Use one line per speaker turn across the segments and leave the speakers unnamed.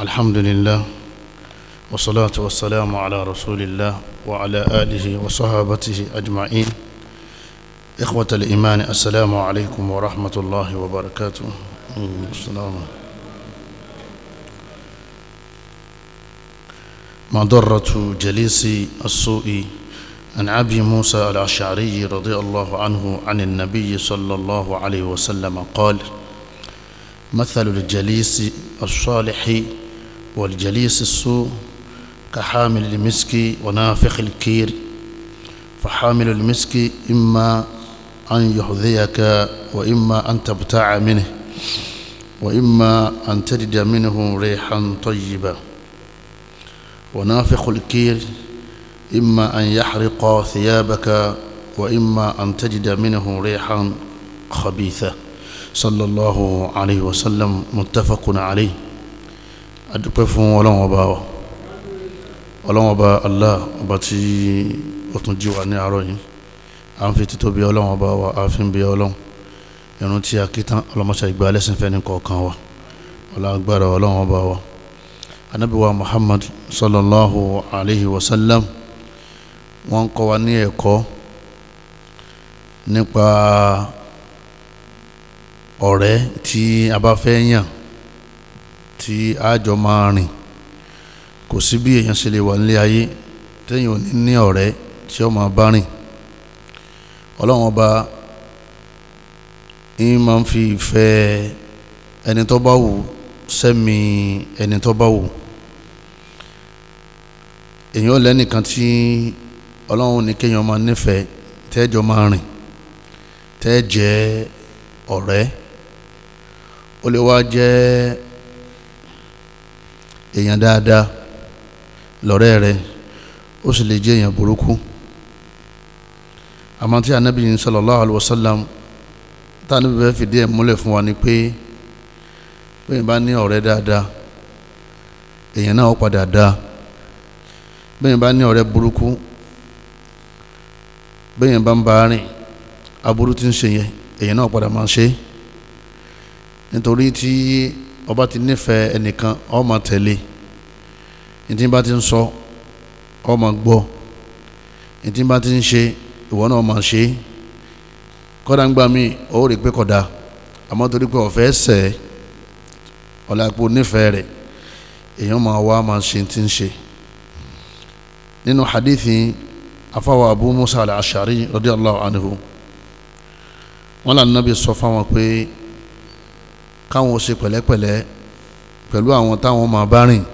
الحمد لله والصلاة والسلام على رسول الله وعلى آله وصحابته أجمعين إخوة الإيمان السلام عليكم ورحمة الله وبركاته السلام مضرة جليس السوء عن أبي موسى الأشعري رضي الله عنه عن النبي صلى الله عليه وسلم قال مثل الجليس الصالح والجليس السوء كحامل المسك ونافخ الكير فحامل المسك إما أن يحذيك وإما أن تبتاع منه وإما أن تجد منه ريحا طيبة ونافخ الكير إما أن يحرق ثيابك وإما أن تجد منه ريحا خبيثة صلى الله عليه وسلم متفق عليه adúpẹ́ fún ọlọ́run ọba wa ọlọ́run ọba Allah ọba tí ó tún jí wa ní àárọ̀ yìí a ń fi títóbi ọlọ́run ọba wa a fi ń bí ọlọ́run ìrun tí a kí tán ọlọ́mọṣà ìgbà alẹ́sìn fẹ́ ní kọ̀ọ̀kan wa ọlọ́gbàrà ọlọ́run ọba wa anábíwa Muhammad sallallahu alayhi wa sallam wọ́n ń kọ́ wa ní ẹ̀kọ́ nípa ọ̀rẹ́ tí a bá fẹ́ yàn tí a jọ máa rìn kò sí bí èèyàn ṣe lè wà nílé ayé téèyàn ò ní ní ọ̀rẹ́ tí ó bá rìn ọlọ́run ọba ń máa ń fi ìfẹ́ ẹni tó bá wù sẹ́mi ẹni tó bá wù èèyàn lẹ́nìkan tí ọlọ́run ní kéèyàn máa nífẹ̀ẹ́ tẹ́jọ́ máa rìn tẹ́jẹ́ ọ̀rẹ́ ó lè wá jẹ́ èèyàn dáadáa lọ́rẹ́ rẹ ó sì lè jẹ́ èèyàn burúkú àmọ́ tí anabi sallallahu alaihi wasallam tá a níbi bẹ́ẹ̀ fìdí ẹ̀ múlẹ̀ fún wa ni pé bẹ́ẹ̀ bá ní ọ̀rẹ́ dáadáa èèyàn náà ó padà dáa bẹ́ẹ̀ bá ní ọ̀rẹ́ burúkú bẹ́yẹn bá ń bá rìn aburú ti ń ṣe yẹn èyàn náà padà máa ń ṣe nítorí tí ọba ti nífẹ̀ẹ́ ẹnìkan ó máa tẹ̀lé ìtí bá ti ń sọ ó máa gbọ́ ìtí bá ti ń ṣe ìwọ náà máa ṣe kọ́dà ń gbà mí ó rí pé kódà àmọ́ torí pé ọ̀fẹ́ sẹ̀ ọ̀làpọ̀ nífẹ̀ẹ́ rẹ̀ èèyàn máa wá máa ṣe ti ń ṣe nínú hadithi afáwọ̀ abu musa al-ashari radiyallahu anhu wọn là nàbí sọ fáwọn pé káwọn ó ṣe pẹ̀lẹ́pẹ̀lẹ́ pẹ̀lú àwọn táwọn máa bá rìn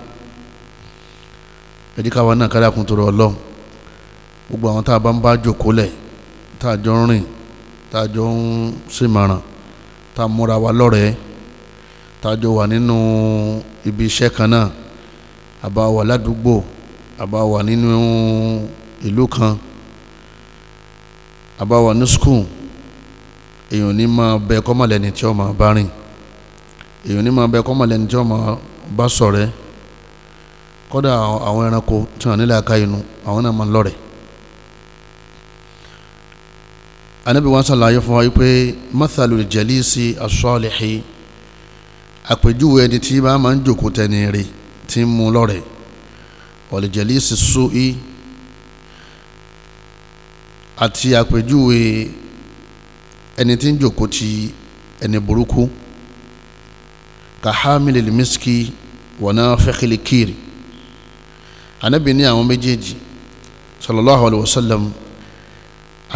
ẹ̀dí káwa náà kárí àkùntòrò ọlọ́run gbogbo àwọn tá a bá ń bá jòkólẹ̀ tá a jọ ń rìn tá a jọ ń ṣèmọ̀ràn tá a múra wa lọ́rẹ̀ẹ́ tá a jọ wà nínú ibi iṣẹ́ kan náà àbá wà ládùúgbò àbá wà nínú ìlú kan àbáwá ní skul èèyàn ní máa bẹ kọ́mọ̀lẹ́ni tí ó máa bá rìn èèyàn ní máa bẹ kọ́mọ̀lẹ́ni tí ó máa bá ṣọ̀rẹ́ kódà àwọn ẹranko tí wọn nílẹ̀ aka inú àwọn náà máa lọ́rẹ̀. anabi wọn ṣàlàyé fún wa pé mathalul jalisi as-salihi àpèjúwe ẹni tí bá máa ń jòkó tẹni rè tí ń mú lọ́rẹ̀ wal jalisi as àti àpèjúwe ẹni tí ń jòkó ti ẹni burúkú kàhámìlì lìmísìkì wọnà fẹ́kìlì kiri anábì ní àwọn méjèèjì sallallahu alayhi wa sallam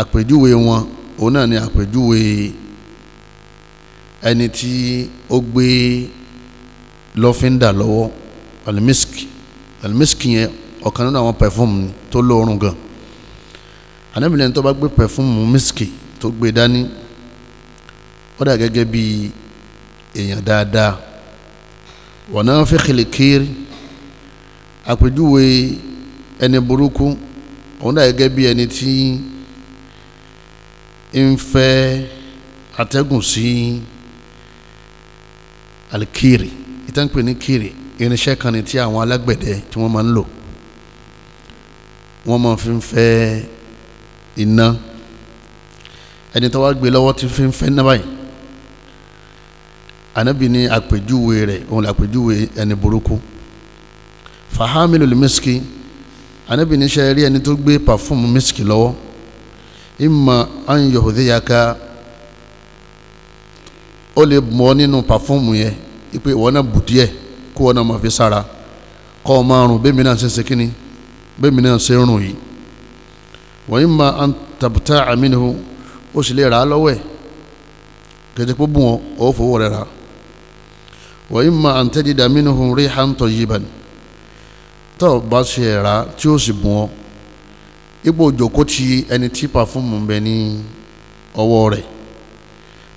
àpèjúwe wọn òun náà ni àpèjúwe ẹni tí ó gbé lọ́fíńdà lọ́wọ́ alimiski alimiski yẹn ọ̀kan nínú àwọn pẹ̀fúm tó lóorùn gan anábìlẹ̀ tó bá gbé pẹ̀fúmù mísìkì tó gbé dání ó dà gẹ́gẹ́ bí èèyàn dáadáa wọ́n náà fi kìlìkìrì àpèjúwe ẹni burúkú òun dà gẹ́gẹ́ bí ẹni tí ń fẹ́ atẹ́gùn sí alikiri ìtànpẹ̀ ní kiri irinṣẹ́ kan ní tí àwọn alágbẹ̀dẹ tí wọ́n máa ń lò wọ́n máa fi ń fẹ́ iná ẹni tó wá gbé lọ́wọ́ tí fi ń fẹ́ náà báyìí anabi ni àpèjúwe rẹ̀ òun là àpèjúwe ẹni burúkú fahamilu miski anabi ní sẹ́rí ẹni tó gbé pàfúmù miski lọ́wọ́ imma an yuhdhiyaka ó lè mọ́ nínú pàfúmù yẹn ipe ìwọ náà bù díẹ̀ kó wọn náà máa fi sára kọ́ ọ máa rùn bẹ́ẹ̀ mi náà ṣe ṣe kíni bẹ́ẹ̀ mi náà ṣe rùn yìí wa imma an tabta'a minhu ó sì lè rà á lọ́wọ́ ẹ̀ kẹjẹ pé bùn ó fowó rẹ̀ rà wa imma an tajida minhu rihan tayyiban tó bá ṣe rà tí ó sì bùn ọ́ ipò òjòkó ti ẹni tí pàfúmù ń bẹ ní ọwọ́ rẹ̀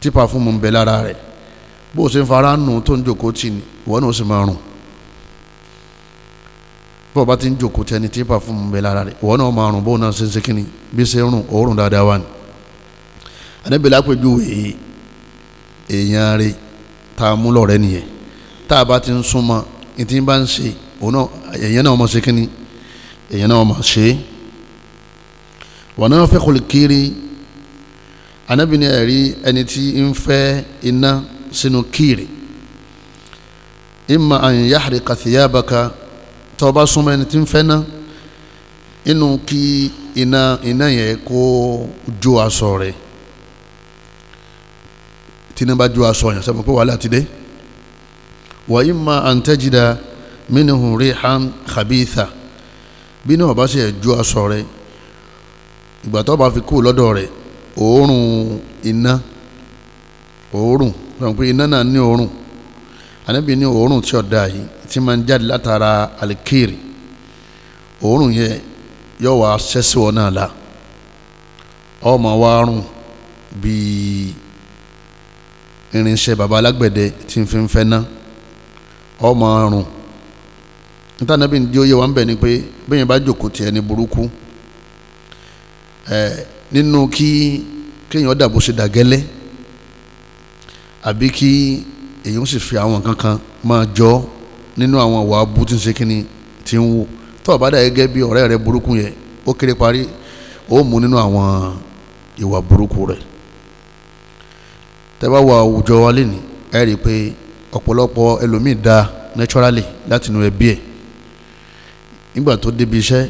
tí pàfúmù ń bẹ lára rẹ̀ bó o ṣe ń fara nù tó ń jòkó tì ní ìwọ náà ó sì máa rùn bó o bá ti ń jòkó tẹni tí pàfúmù bẹ lára rẹ ìwọ náà máa rùn bó o náà ṣe ń ṣe kínní bí ṣe ń rùn òórùn dáadáa wà ní. àdébìlà àpèjú èèyàn rẹ tá a mú lọ́rẹ́ nìyẹn tá a bá ti ń súnmọ́ ìtì bá ń ṣe òun náà èèyàn náà máa ṣe kínní èèyàn náà máa ṣe é. náà fẹ́ kọ́lé kiri anábìíní ẹ̀rí ẹni tí ń fẹ́ iná sínú kiri imma an yahrika thiyabaka tó bá súnmọ́ ẹni tí ń fẹ́ náà inú kí iná iná yẹn kó jó aṣọ rẹ̀ tíná bá aṣọ yẹn sẹ́mi pé wàhálà ti dé wa imma an tajida minhu rihan khabitha bí náà bá ṣe jó aṣọ rẹ̀ ìgbà tó bá fi kú lọ́dọ̀ rẹ̀ òórùn iná òórùn sọ pé iná náà ní òórùn ànábì ní òórùn tí ó dáa yìí tí máa ń jáde látara alikiri òórùn yẹn yóò wá ṣẹ́sí wọn náà la ọmọ wa rùn bíi irinṣẹ́ baba alágbẹ̀dẹ tí n fi ń fẹ́ ná ọmọ rùn níta níbi ní ó yẹ wá ń bẹ̀ ni pé bẹ́ẹ̀ bá jòkó tiẹ̀ ní burúkú ẹ̀ nínú kí kéèyàn dàbò ṣe dàgẹ́lẹ́ àbí kí èèyàn sì fi àwọn kankan máa jọ ọ́ nínú àwọn ìwà abú tí ń ṣe kínní tí ń wò tó bá dà gẹ́gẹ́ bí ọ̀rẹ́ rẹ burúkú yẹn ó kéré parí ó mú nínú àwọn ìwà burúkú rẹ tẹ́ wà àwùjọ wa lénìí ẹ pé ọ̀pọ̀lọpọ̀ ẹlòmíì da naturally láti inú ẹbí ẹ̀ nígbà tó débi iṣẹ́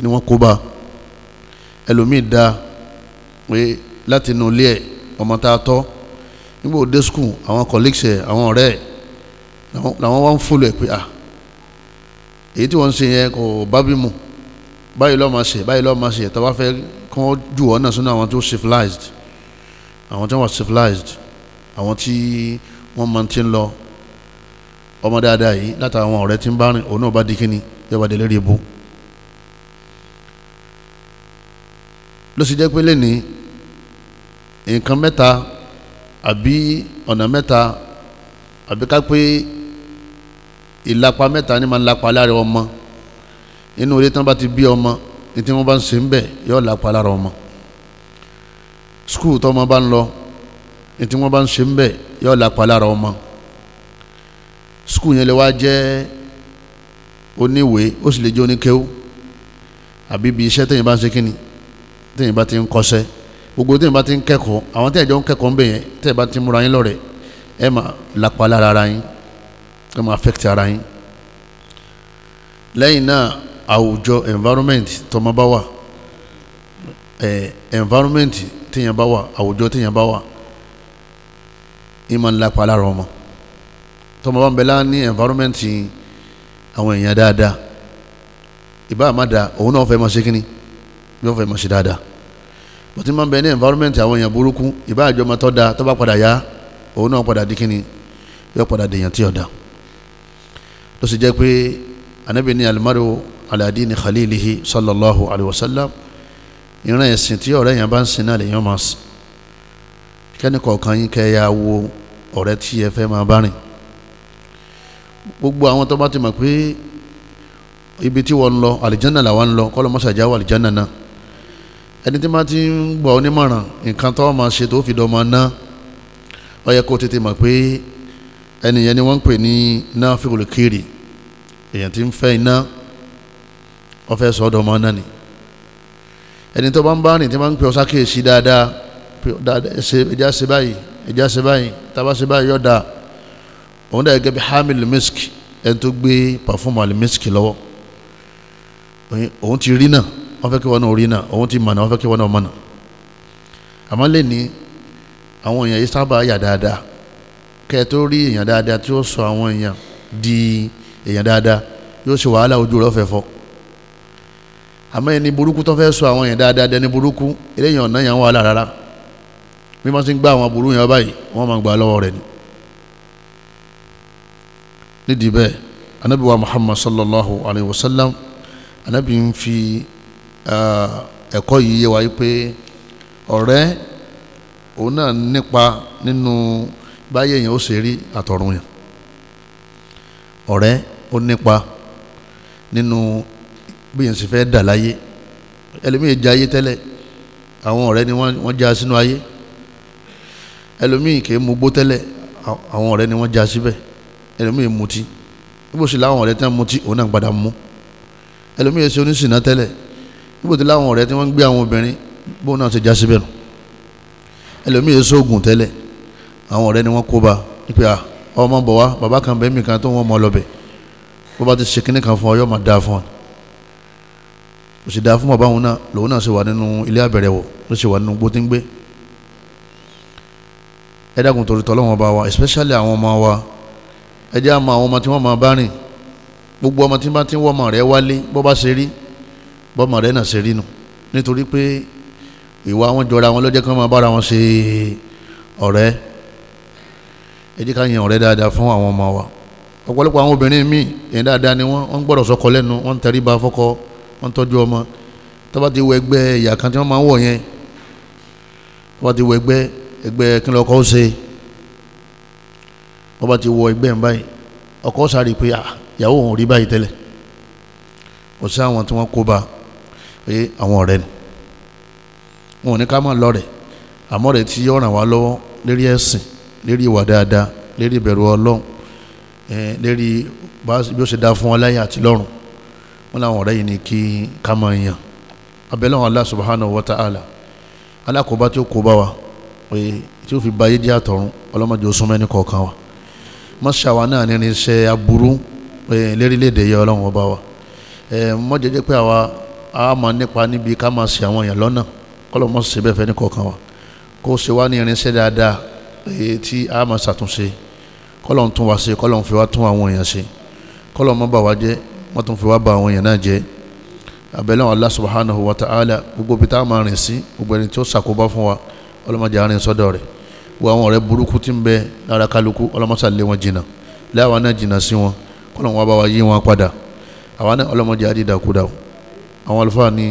ni wọ́n kó bá ẹlòmíì da pé láti inú ilé ẹ̀ ọmọ tá a tọ́ nígbà ó dé school àwọn colleagues ẹ̀ àwọn ọ̀rẹ́ ẹ̀ làwọn wá ń fọlọ ẹ pé a ah, èyí tí wọ́n ń ṣe yẹn kò bá bí mu báyìí lọ́ọ́ máa ṣe báyìí lọ́ọ́ máa ṣe tàbá fẹ́ kí jù ọ́ náà sínú àwọn tó civilized àwọn tí wọ́n civilized àwọn tí wọ́n máa ti ń lọ ọmọ dáadáa yìí látàwọn ọ̀rẹ́ tí ń bá rìn òun náà bá di kíni yóò bá délé rí ibú. ló sì jẹ́ pé lẹ́ni nǹkan mẹ́ta àbí ọ̀nà mẹ́ta àbí ká pé ìlapa mẹ́ta ni máa ń lapa lára ọmọ inú ilé tí wọ́n bá ti bí ọmọ ní tí wọ́n bá ń ṣe ń bẹ̀ yóò lapa lára ọmọ skul tọ́mọ bá ń lọ ní tí wọ́n bá ń ṣe ń bẹ̀ yóò lapa lára ọmọ skul yẹn lè wá jẹ́ oníwèé ó sì lè jẹ́ oníkéwú àbí ibi iṣẹ́ tẹ̀yìn bá ń ṣe kínni tẹ̀yìn bá ti ń kọ́ṣẹ́ gbogbo tẹ̀yìn bá ti ń kẹ́kọ̀ọ́ àwọn tẹ̀yìn jọ ń kẹ́kọ̀ọ́ ń bẹ̀ tẹ̀yìn bá ti múra yín lọ́rẹ̀ẹ́ ẹ máa lapa lára ara yín ẹ máa affect ara yín lẹ́yìn náà àwùjọ environment tọmọ bá wà environment téèyàn bá wà àwùjọ téèyàn bá wà ìmọ̀ ńlá pa lára ọmọ tọmọ bá ń bẹ láà ní environment àwọn èèyàn dáadáa ìbá àmàdà òun náà fẹ́ máa ṣe kínní yóò fẹ́ máa ṣe dáadáa bọ́tí máa ń bẹ ní environment àwọn èèyàn burúkú ìbá àjọ máa tọ́ da tó bá padà yá òun náà padà di kínní yóò padà dèèyàn tí ò dáa ló sì jẹ́ pé anabi ní alimaru aladi ni khalilihi sallallahu alayhi wa sallam ìran ẹ̀sìn tí ọ̀rẹ́ yẹn bá ń sin náà lè yàn máa sìn kẹ́ni kọ̀ọ̀kan yín kẹ́ ya wo ọ̀rẹ́ tí ẹ fẹ́ máa bá rìn gbogbo àwọn tó bá ti mọ̀ pé ibi tí wọ́n ń lọ àlìjánà làwọn ń lọ kọ́ ló mọ́ sàjà wà àlìjánà náà ẹni tí máa ti ń gbọ́ onímọ̀ràn nǹkan tó máa ṣe tó fi dọ́ máa ná ó yẹ kó tètè mọ̀ pé ẹnìyẹn ni wọ́n ń pè ní náfíìlì kiri èèyàn tí ń fẹ́ iná ọ̀fẹ́ sọ́dọ̀ ọmọ náà ni ẹni tó bá ń bá rìn tí wọ́n ń pè ọ́ sákèèsí dáadáa ẹja ṣe báyìí ẹja ṣe báyìí tábà ṣe báyìí yọ̀dà òun dà gẹ́gẹ́ bí hamil misk ẹni tó gbé pàfọ́ọ̀mù alimisk lọ́wọ́ òun ti rí náà wọ́n fẹ́ kí wọ́n náà rí náà òun ti mọ̀ náà wọ́n fẹ́ kí wọ́n náà mọ̀ náà àmọ́ lè ní àwọn èèyàn yìí sábà yà dáadáa kẹ́ ẹ tó rí èèyàn dáadáa tí ó sọ àwọn èèyàn di èèyàn dáadáa yóò ṣe wàhálà ojú rẹ̀ fẹ́ fọ́ àmọ́ ẹni burúkú tó fẹ́ sọ àwọn èèyàn dáadáa dẹni burúkú eléyìí ọ̀nà yẹn wàhálà rárá bí wọ́n ti ń gbá àwọn burú yẹn báyìí wọ́n máa gbà lọ́wọ́ rẹ̀ ni. nídìí bẹ́ẹ̀ anabi wa muhammad sallallahu alayhi wa sallam anabi ń fi ẹ̀kọ́ yìí yé wa yìí pé ọ̀rẹ́ òun náà nípa nínú báyé yẹn ó ṣe rí àtọ̀run yẹn ọ̀rẹ́ ó nípa nínú bí yẹn sì fẹ́ dà láyé ẹlòmíì jẹ ayé tẹ́lẹ̀ àwọn ọ̀rẹ́ ni wọ́n já sínú ayé ẹlòmíì kì í mugbó tẹ́lẹ̀ àwọn ọ̀rẹ́ ni wọ́n já síbẹ̀ ẹlòmíì mutí níbo sì láwọn ọ̀rẹ́ tí wọ́n mutí òun náà gbadá mú ẹlòmíì ṣe oníṣìnà tẹ́lẹ̀ níbo tí láwọn ọ̀rẹ́ tí wọ́n gbé àwọn obìnrin bóun náà ti já síbẹ̀ nù ẹlòmíì ṣe oògùn tẹ́lẹ̀ àwọn ọ̀rẹ́ ni wọ́n kó bá pé à ọmọ bọ̀ wá bàbá kan bẹ́ẹ̀ mi kan tó wọ́n mọ lọ́bẹ̀ bó bá ti ṣe kínní kan fún ọ yóò máa dáa fún ọ kò sì dáa fún bàbá òun náà lòun náà ṣe wà nínú ilé àbẹ̀rẹ̀ wọ̀ ló ṣe wà nínú gbó tí ń gbé ẹ dákun torí tọ́lọ́wọ́n bá wa especially àwọn ọmọ wa ẹ jẹ́ àmọ́ àwọn ọmọ tí wọ́n máa bá rìn gbogbo ọmọ tí wọ́n ti wọ́n ọmọ rẹ̀ wálé bó bá ṣe rí bó ọmọ rẹ̀ náà ṣe rí nù nítorí pé ìwà wọn jọra wọn ló kí wọ́n máa bára wọn ṣe ọ̀rẹ́ ẹ jẹ́ ká yan ọ̀rẹ́ dáadáa fún àwọn ọmọ wa ọ̀pọ̀lọpọ̀ àwọn obìnrin míì yẹn dáadáa ni wọ́n wọ́n gbọ́dọ̀ sọkọ lẹ́nu wọ́n ń tẹríba fọ́kọ wọ́n ń tọ́jú ọmọ tó ti wọ ẹgbẹ́ ìyá kan tí wọ́n máa ń wọ̀ yẹn tó ti wọ ẹgbẹ́ ẹgbẹ́ kí ló ọkọ ṣe ti wọ ẹgbẹ́ ń báyìí ọkọ sáré pé ìyàwó òun rí báyìí tẹ́lẹ̀ kò sí àwọn tí wọ́n kó bá pé àwọn ọ̀rẹ́ ni wọn ò ní lérí ìwà dáadáa lérí ìbẹ̀rù ọlọ́run lérí bí ó ṣe dá fún ọ láyé àti lọ́run wọn làwọn ọ̀rẹ́ yìí ni kí ká máa yàn abẹ́lẹ́wọ̀n Allah subhanahu wa ta'ala alákòóbá tí ó kó bá wa tí ó fi ba ayé jẹ́ àtọ̀run ọlọ́mọdé ó súnmọ́ ẹni kọ̀ọ̀kan wa mọ́ṣáwa náà ní irinṣẹ́ aburú lérílẹ̀‐èdè yẹ ọlọ́run ọba wa mọ́jẹ́jẹ́ pé àwa a máa nípa níbi ká máa ṣe àwọn èèyàn lọ́nà kọ́lọ́ bẹ́ẹ̀ fẹ́ ní kọ̀ọ̀kan wa kó ṣe wá ní irinṣẹ́ dáadáa èyí tí a máa ṣàtúnṣe kọ́lọ̀ ń tún wa ṣe kọ́lọ̀ ń fi wá tún àwọn èèyàn ṣe kọ́lọ̀ má bà wá jẹ́ wọ́n tún fi wá bà àwọn èèyàn náà jẹ́ abẹ́lẹ́ Allah subhanahu wa ta'ala gbogbo bí tá a máa rìn sí gbogbo ẹni tí ó ṣàkóbá fún wa ọlọ́mọdé àárín sọ́dọ̀ rẹ̀ gbogbo àwọn ọ̀rẹ́ burúkú tí ń bẹ lára kálukú ọlọ́mọṣà lé wọn jìnnà láwa náà jìnnà sí wọn kọ́lọ̀ wọn bá wa yí wọn padà àwa náà ọlọ́mọdé àdìdàkudà àwọn àlùfáà ni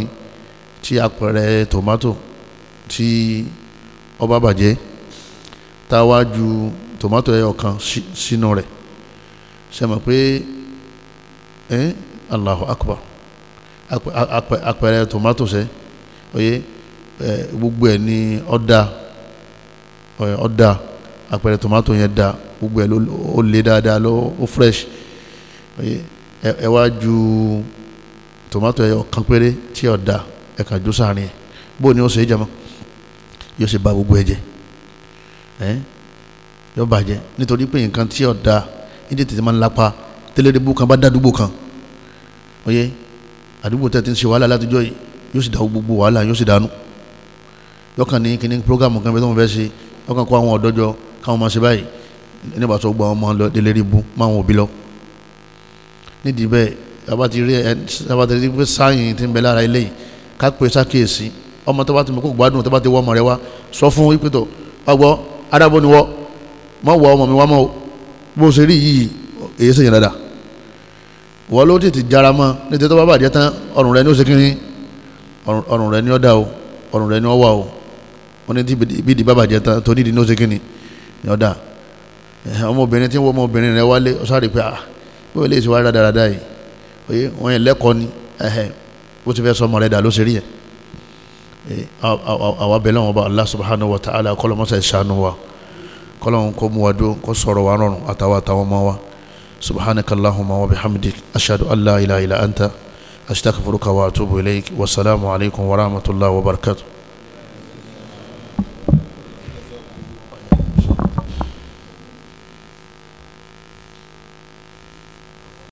tí apẹ̀rẹ̀ tòmátò tí ọba bàjẹ́ tá a wá ju tòmátò ẹyọ kan sínú rẹ̀ ṣe mọ̀ pé ẹ́ Allahu Akbar apẹ̀rẹ̀ tòmátò sẹ́ oyé gbogbo ẹ̀ ní ọ̀dà ọ̀dà apẹ̀rẹ̀ tòmátò yẹn da gbogbo ẹ̀ ó lé dáadáa ló ó fresh oyé ẹ wá ju tòmátò ẹyọ kan péré tí ọ̀dà ẹ̀ka jù sáà ni ẹ̀ bóun ni ó ṣe é jẹ mọ́ yóò ṣe ba gbogbo ẹ̀ jẹ́ ẹ yọ bàjẹ́ nítorí pé nǹkan tí ọ̀dà ìdí tètè máa ń lapa tẹ́lẹ̀dẹ́gbò kan bá dá àdúgbò kan oyè àdúgbò tẹ̀ ti ń ṣe wàhálà látijọ́ yìí yóò sì dá gbogbo wàhálà yóò sì dánú yọkàn ní kíní programu kan bẹ́ẹ̀ tó ń fẹ́ ṣe yọkàn kó àwọn ọ̀dọ́jọ káwọn máa ṣe báyìí nígbà tó gba ọmọ lọ délé rí bú má wọn òbí lọ nídìí bẹ́ẹ̀ abati rí ẹ abati rí pé sáyìn ti ń bẹ lára ilé yìí ká pè sákèésí ọmọ tó bá ti mú kó gbádùn tó bá ti wọ́ ọmọ rẹ wá sọ fún wípé tó ọgbọ́n adábò ni wọ́ mọ́ wọ ọmọ mi wá mọ́ o bó ṣe rí yìí èyí ṣèyàn dáadáa wọ́n ló tètè jára mọ́ nítorí tó bá bàjẹ́ tán ọrùn rẹ ni ó ṣe kínní ọrùn rẹ ni ó dá o ọrùn rẹ ni ó wà o wọ́n ní tí bídìí bá bàjẹ́ tán tó nídìí ni ó ṣe kínní ni ó dá ọmọbìnrin tí ń wọ ọmọbìnrin rẹ wálé ó sáré pé ah bí wọ́n lè ṣe wá dáadáa yìí wọ́n yẹn lẹ́kọ̀ọ́ ni bó ti fẹ́ sọ ọmọ rẹ dà ló ṣe rí yẹn àwa bẹ̀ lọ́wọ́ bá Allah subhanahu wa ta'ala kọ́lọ́mọ́sá ìṣàánú wa kọ́lọ́hún kó mú wa dó kó sọ̀rọ̀ wa rọrùn àtàwọn àtàwọn ọmọ wa subhanaka allahumma wa bihamdik ashhadu an la ilaha illa anta astaghfiruka wa atubu ilayk wa salaamu alaykum wa rahmatullahi wa barakatuh